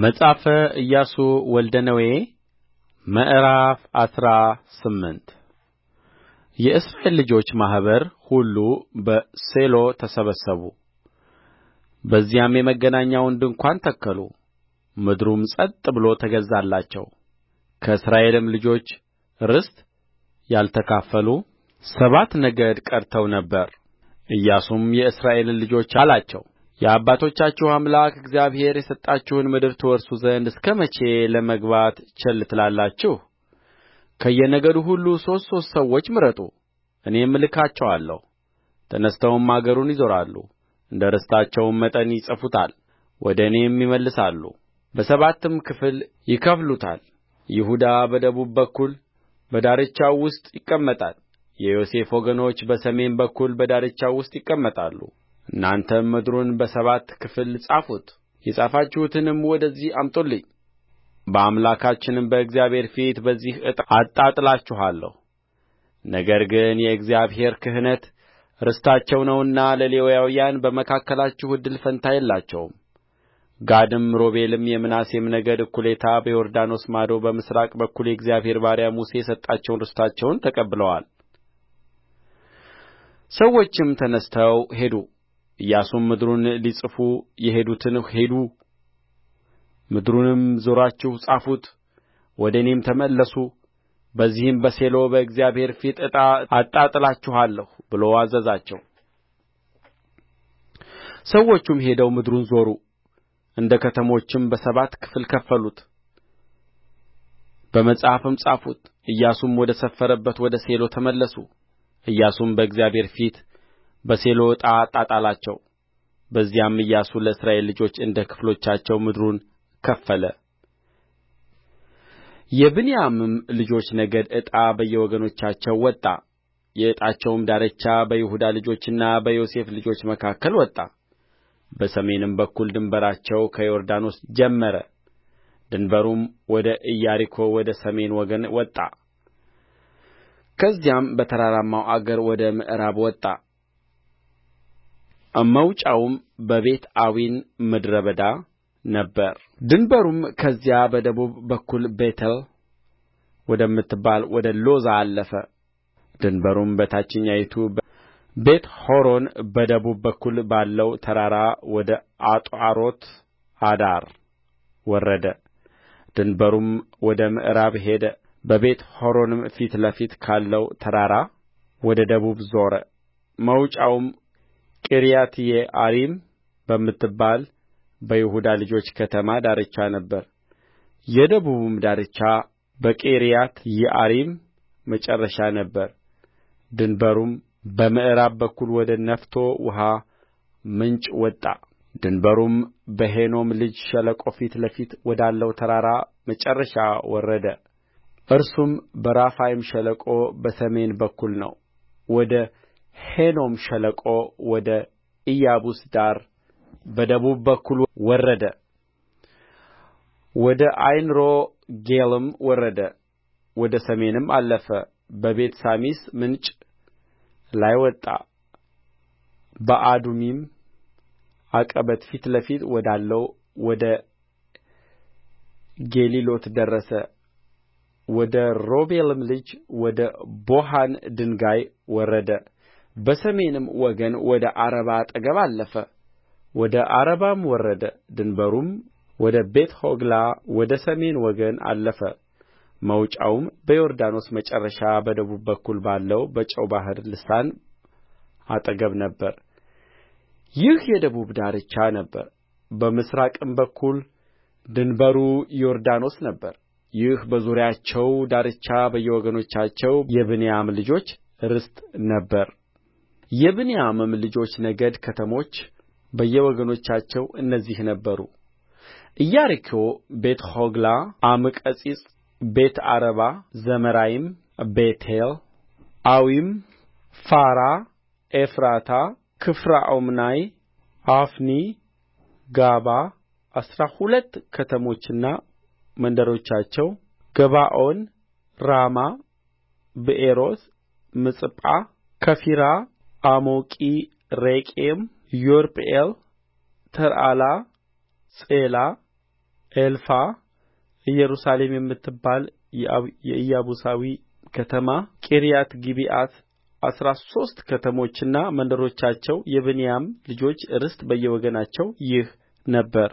መጽሐፈ ኢያሱ ወልደ ነዌ ምዕራፍ አስራ ስምንት የእስራኤል ልጆች ማኅበር ሁሉ በሴሎ ተሰበሰቡ። በዚያም የመገናኛውን ድንኳን ተከሉ። ምድሩም ጸጥ ብሎ ተገዛላቸው። ከእስራኤልም ልጆች ርስት ያልተካፈሉ ሰባት ነገድ ቀርተው ነበር። ኢያሱም የእስራኤልን ልጆች አላቸው የአባቶቻችሁ አምላክ እግዚአብሔር የሰጣችሁን ምድር ትወርሱ ዘንድ እስከ መቼ ለመግባት ቸል ትላላችሁ ከየነገዱ ሁሉ ሦስት ሦስት ሰዎች ምረጡ እኔም እልካቸዋለሁ ተነሥተውም አገሩን ይዞራሉ እንደ ርስታቸውም መጠን ይጽፉታል ወደ እኔም ይመለሳሉ በሰባትም ክፍል ይከፍሉታል ይሁዳ በደቡብ በኩል በዳርቻው ውስጥ ይቀመጣል የዮሴፍ ወገኖች በሰሜን በኩል በዳርቻው ውስጥ ይቀመጣሉ እናንተም ምድሩን በሰባት ክፍል ጻፉት የጻፋችሁትንም ወደዚህ አምጡልኝ በአምላካችንም በእግዚአብሔር ፊት በዚህ ዕጣ አጣጥላችኋለሁ ነገር ግን የእግዚአብሔር ክህነት ርስታቸው ነውና ለሌዋውያን በመካከላችሁ እድል ፈንታ የላቸውም ጋድም ሮቤልም የምናሴም ነገድ እኩሌታ በዮርዳኖስ ማዶ በምሥራቅ በኩል የእግዚአብሔር ባሪያ ሙሴ የሰጣቸውን ርስታቸውን ተቀብለዋል ሰዎችም ተነሥተው ሄዱ ኢያሱም ምድሩን ሊጽፉ የሄዱትን ሂዱ ምድሩንም ዞራችሁ ጻፉት ወደ እኔም ተመለሱ በዚህም በሴሎ በእግዚአብሔር ፊት ዕጣ አጣጥላችኋለሁ ብሎ አዘዛቸው። ሰዎቹም ሄደው ምድሩን ዞሩ፣ እንደ ከተሞችም በሰባት ክፍል ከፈሉት፣ በመጽሐፍም ጻፉት። ኢያሱም ወደ ሰፈረበት ወደ ሴሎ ተመለሱ። ኢያሱም በእግዚአብሔር ፊት በሴሎ ዕጣ አጣጣላቸው በዚያም ኢያሱ ለእስራኤል ልጆች እንደ ክፍሎቻቸው ምድሩን ከፈለ የብንያምም ልጆች ነገድ ዕጣ በየወገኖቻቸው ወጣ የዕጣቸውም ዳርቻ በይሁዳ ልጆችና በዮሴፍ ልጆች መካከል ወጣ በሰሜን በኩል ድንበራቸው ከዮርዳኖስ ጀመረ ድንበሩም ወደ ኢያሪኮ ወደ ሰሜን ወገን ወጣ ከዚያም በተራራማው አገር ወደ ምዕራብ ወጣ መውጫውም በቤትአዌን ምድረ በዳ ነበረ ድንበሩም ከዚያ በደቡብ በኩል ቤቴል ወደምትባል ወደ ሎዛ አለፈ ድንበሩም በታችኛይቱ ቤትሖሮን በደቡብ በኩል ባለው ተራራ ወደ አጣሮት አዳር ወረደ ድንበሩም ወደ ምዕራብ ሄደ በቤት ሖሮንም ፊት ለፊት ካለው ተራራ ወደ ደቡብ ዞረ መውጫውም ቂርያትይዓሪም በምትባል በይሁዳ ልጆች ከተማ ዳርቻ ነበር የደቡብም ዳርቻ በቂርያትይዓሪም መጨረሻ ነበረ ድንበሩም በምዕራብ በኩል ወደ ነፍቶ ውኃ ምንጭ ወጣ ድንበሩም በሄኖም ልጅ ሸለቆ ፊት ለፊት ወዳለው ተራራ መጨረሻ ወረደ እርሱም በራፋይም ሸለቆ በሰሜን በኩል ነው ወደ ሄኖም ሸለቆ ወደ ኢያቡስ ዳር በደቡብ በኩል ወረደ ወደ ዓይንሮጌልም ወረደ ወደ ሰሜንም አለፈ በቤት ሳሚስ ምንጭ ላይ ወጣ በአዱሚም ዐቀበት ፊት ለፊት ወዳለው ወደ ጌሊሎት ደረሰ ወደ ሮቤልም ልጅ ወደ ቦሀን ድንጋይ ወረደ በሰሜንም ወገን ወደ ዓረባ አጠገብ አለፈ ወደ ዓረባም ወረደ ድንበሩም ወደ ቤትሖግላ ወደ ሰሜን ወገን አለፈ መውጫውም በዮርዳኖስ መጨረሻ በደቡብ በኩል ባለው በጨው ባሕር ልሳን አጠገብ ነበረ ይህ የደቡብ ዳርቻ ነበረ በምሥራቅም በኩል ድንበሩ ዮርዳኖስ ነበረ ይህ በዙሪያቸው ዳርቻ በየወገኖቻቸው የብንያም ልጆች ርስት ነበረ የብንያምም ልጆች ነገድ ከተሞች በየወገኖቻቸው እነዚህ ነበሩ ኢያሪኮ ቤትሖግላ ዓመቀጺጽ ቤትዓረባ ዘማራይም ቤቴል አዊም ፋራ ኤፍራታ ክፊርዓሞናይ አፍኒ ጋባ አሥራ ሁለት ከተሞችና መንደሮቻቸው ገባዖን ራማ ብኤሮት ምጽጳ ከፊራ አሞቂ ሬቄም ዮርጵኤል ተርአላ ጼላ ኤልፋ ኢየሩሳሌም የምትባል የኢያቡሳዊ ከተማ ቂርያትጊብዓት አሥራ ሦስት ከተሞችና መንደሮቻቸው የብንያም ልጆች ርስት በየወገናቸው ይህ ነበረ